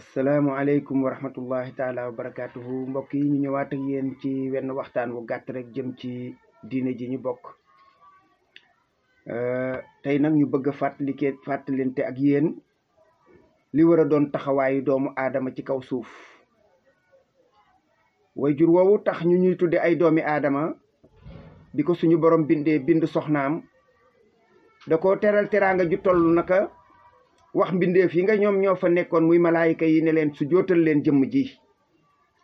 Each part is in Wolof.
asalaamaaleykum wa rahmatullahi taala wa barakaatuhu mbokk yi ñu ñëwaat ak yéen ci wenn waxtaan wu gàtt rek jëm ci diine ji ñu bokk tey nag ñu bëgg a fàttalikee fàttalinte ak yéen li war a doon taxawaayu doomu aadama ci kaw suuf wayjur woowu tax ñu ñuy tudde ay doomi aadama bi ko suñu borom bindee bind soxnaam da ko teral teraanga ju toll naka wax mbindeef yi nga ñoom ñoo fa nekkoon muy malaayika yi ne leen su jootal leen jëm ji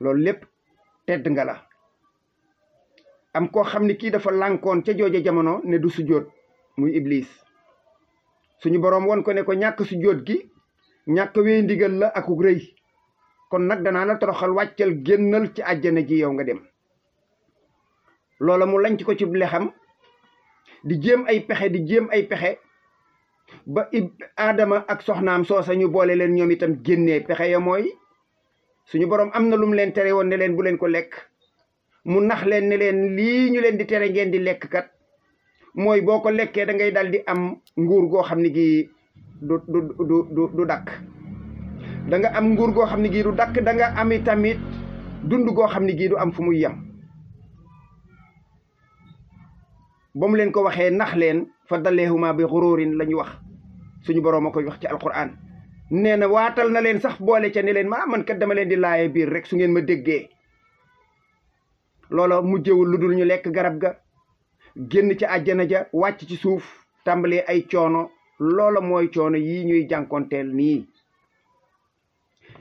loolu lépp tedd nga la am koo xam ne kii dafa lànkoon ca jooja jamono ne du sujjóot muy iblis suñu boroom woon ko ne ko ñàkk sujjóot gi ñàkk wee ndigal la akuk rëy kon nag danaa la toroxal wàccal génnal ci àjjana ji yow nga dem loola mu lañ ci ko ci lexam di jëm ay pexe di jéem ay pexe ba ib aadama ak soxnaam soosa ñu boole leen ñoom itam génnee pexe ya mooy suñu borom am na lu mu leen tere woon ne leen bu leen ko lekk mu nax leen ne leen lii ñu leen di tere ngeen di lekk kat mooy boo ko lekkee da ngay dal di am nguur goo xam ne gii du du du dakk danga am nguur goo xam ne gii dakk da am itamit dund goo xam ne gii du am fu muy yem ba mu leen ko waxee nax leen fa daleehuma bi xuróorin la ñu wax suñu borom a ko wax ci alquran nee na waatal na leen sax boole ca ne leen ma man dama leen di laaye biir rek su ngeen ma déggee loola mujjewul lu dul ñu lekk garab ga génn ci àjjana ja wàcc ci suuf tàmbalee ay coono loola mooy coono yii ñuy jànkonteel nii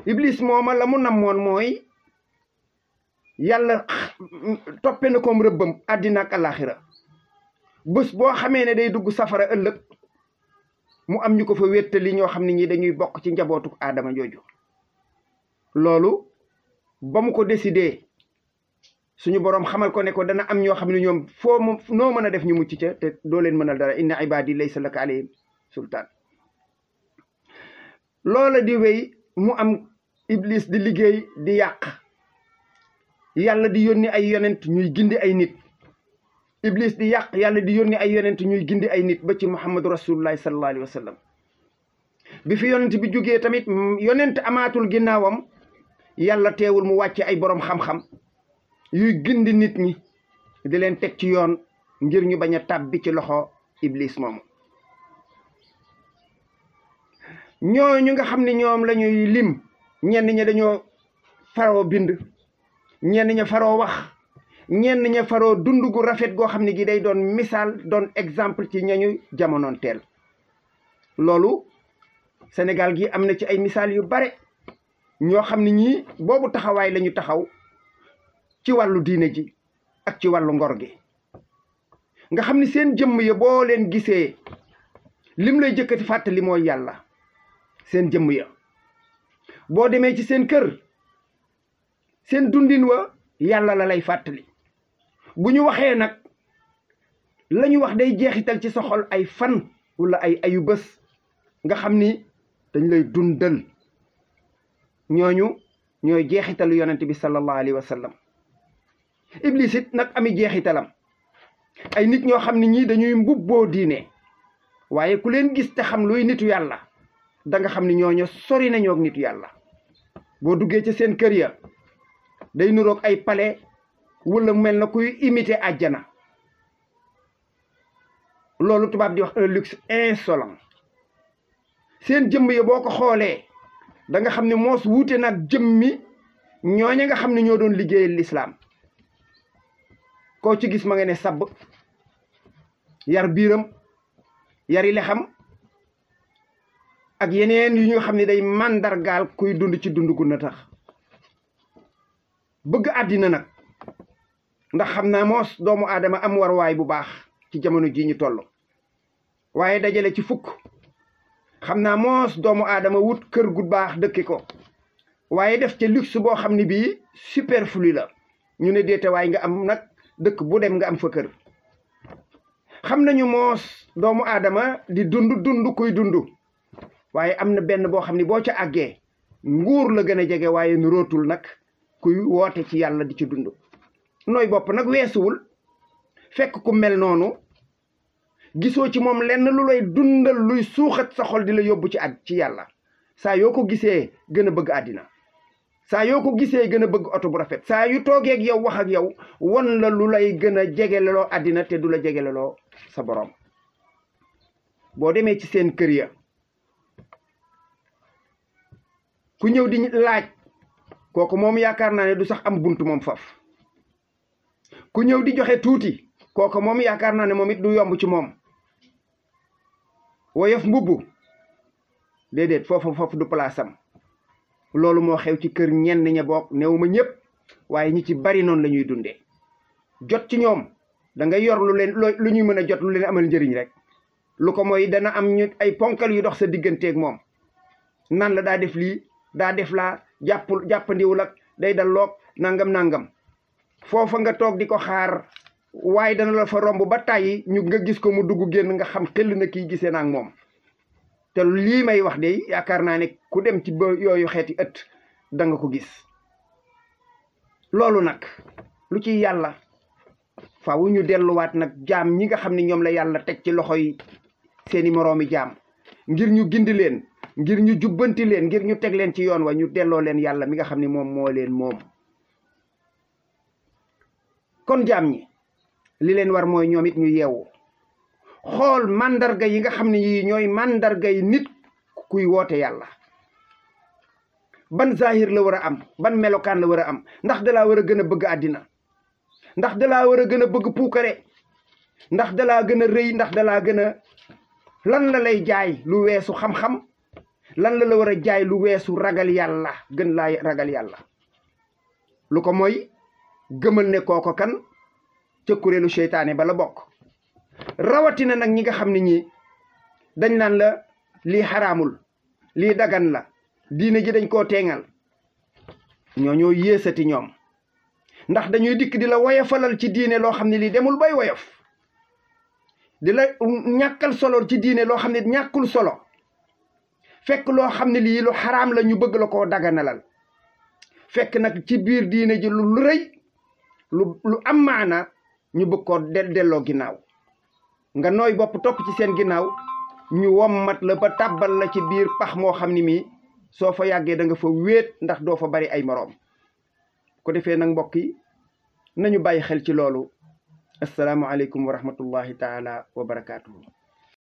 iblis mooma la mu namoon mooy yàlla toppe na koom rëbbam àddina ak alaxira bés boo xamee ne day dugg safara ëllëg mu am ñu ko fa wéttali ñoo xam ne ñi dañuy bokk ci njabootu aadama jooju loolu ba mu ko décidé suñu boroom xamal ko ne ko dana am ñoo xam ne ñoom foo mu noo mën a def ñu mu ci ca te doo leen mënal dara inna ibaadi laysa laka alayhim sultaan loola di wéy mu am iblis di liggéey di yàq yàlla di yónni ay yonent ñuy gindi ay nit iblis di yàq yàlla di yónni ay yonent ñuy gindi ay nit ba ci muhammadu rasulullahi sallallahu alayhi wa sallam bi fi yonent bi jógee tamit mm, yonent amaatul ginnaawam yàlla teewul mu wàcce ay borom xam-xam yuy gindi nit ñi di leen teg ci yoon ngir ñu bañ a tàbbi ci loxo iblis moomu ñooñu nga xam ne ñoom lañuy ñuy lim ñenn ñi dañoo faroo bind ñenn ña faroo wax ñenn ña faroo dund gu rafet goo xam ne gi day doon misaal doon exemple ci ñañu jamonoon teel loolu Sénégal gi am na ci ay misaal yu bare ñoo xam ne ñii boobu taxawaay lañu taxaw ci wàllu diine ji ak ci wàllu ngor gi nga xam ni seen jëmm ya boo leen gisee lim lay jëkkati fàttali mooy yàlla seen jëmm ya boo demee ci seen kër seen dundin wa yàlla la lay fàttali bu ñu waxee nag la ñu wax day jeexital ci sa xol ay fan wala ay ayu bës nga xam ni dañ lay dundal ñooñu ñooy jeexitalu yonent bi sallallahu alayhi wa sallam iblis it nag ami jeexitalam ay nit ñoo xam ne ñii dañuy mbubboo diine waaye ku leen gis te xam luy nitu yàlla danga xam ne ñooñu sori nañoo nit nitu yàlla boo duggee ci seen kër ya day nuroog ay palais wala mel na kuy imiter àjjana loolu tubaab di wax un luxe insolent seen jëmm yi boo ko xoolee da nga xam ne moos wuute nag jëmmi ñooña nga xam ne ñoo doon liggéey lislaam koo ci gis ma nga ne sabb yar biiram yari lexam ak yeneen yu ñu xam ni day màndargaal kuy dund ci dund gu na tax bëgg àddina nag ndax xam naa moos doomu aadama am waruwaay bu baax ci jamono ji ñu toll waaye dajale ci fukk xam naa moos doomu aadama wut kër gu baax dëkki ko waaye def ca luxe boo xam ne bii superflu la ñu ne déete nga am nag dëkk bu dem nga am fa kër xam nañu moos doomu aadama di dund dund kuy dund waaye am na benn boo xam ne boo ca àggee nguur la gën a jege waaye nu rootul nag kuy woote ci yàlla di ci dund nooy bopp nag weesuwul fekk ku mel noonu gisoo ci moom lenn lu lay dundal luy suuxat sa xol di la yóbbu ci at ci yàlla saa yoo ko gisee gën a bëgg àddina saa yoo ko gisee gën a bëgg oto bu rafet saa yu toogeeg yow wax ak yow won la lu lay gën a jegeleloo àddina te du la jegeleloo sa boroom boo demee ci seen kër ya ku ñëw di laaj kooku moom yaakaar naa ne du sax am bunt moom faf ku ñëw di joxe tuuti kooku moom yaakaar naa ne moom it du yomb ci moom woyof mbubb déedéet foofu foofu du place loolu moo xew ci kër ñenn ña bokk ma ñëpp waaye ñi ci bari noonu lañuy dunde jot ci ñoom danga nga yor lu leen lu ñuy mën a jot lu leen amal njëriñ rek lu ko mooy dana am ñu ay ponkal yu dox sa digganteeg moom nan la daa def lii daa def laa jàpp jàppandiwul ak day dal loog nangam nangam foofa nga toog di ko xaar waaye dana la fa romb ba tàyyi ñu nga gis ko mu dugg génn nga xam xel na kii gisee naag moom te lii may wax de yaakaar naa ne ku dem ci ba yooyu xeeti ëtt danga ko gis loolu nag lu ci yàlla faaw ñu delluwaat nag jaam ñi nga xam ni ñoom la yàlla teg ci loxo yi seeni moroomi jaam ngir ñu gindi leen ngir ñu jubbanti leen ngir ñu teg leen ci yoon wa ñu delloo leen yàlla mi nga xam ni moom moo leen moom kon jaam ñi li leen war mooy ñoom it ñu yeewu xool màndarga yi nga xam ne yii ñooy màndarga yi nit kuy woote yàlla ban zahir la war a am ban melokaan la war a am ndax dalaa war a gën a bëgg àddina ndax dalaa war a gën a bëgg puukare ndax dalaa gën a rëy ndax dalaa gën a lan la lay jaay lu weesu xam-xam lan la la war a jaay lu weesu ragal yàlla gën laa ragal yàlla lu ko mooy gëmal ne kooko kan ca kuréelu seytaane bala bokk rawatina nag ñi nga xam ne ñi dañ naan la lii xaraamul lii dagan la diine ji dañ koo teengal ñoo ñoo yéesati ñoom ndax dañuy dikk di la woyofalal ci diine loo xam ne lii demul bay woyof di la ñàkkal solo ci diine loo xam ne ñàkkul solo fekk loo xam ne lii lu xaraam la ñu bëgg la koo daganalal fekk nag ci biir diine ji lu rëy lu lu am maana ñu bëgg koo delloo ginnaaw nga nooy bopp topp ci seen ginnaaw ñu wommat la ba tàbbal la ci biir pax moo xam ni mii soo fa yàggee da nga fa wéet ndax doo fa bari ay moroom ko defee nag mbokk yi nañu bàyyi xel ci loolu asalaamualeykum wa rahmatullahi taala wa barakaatuhu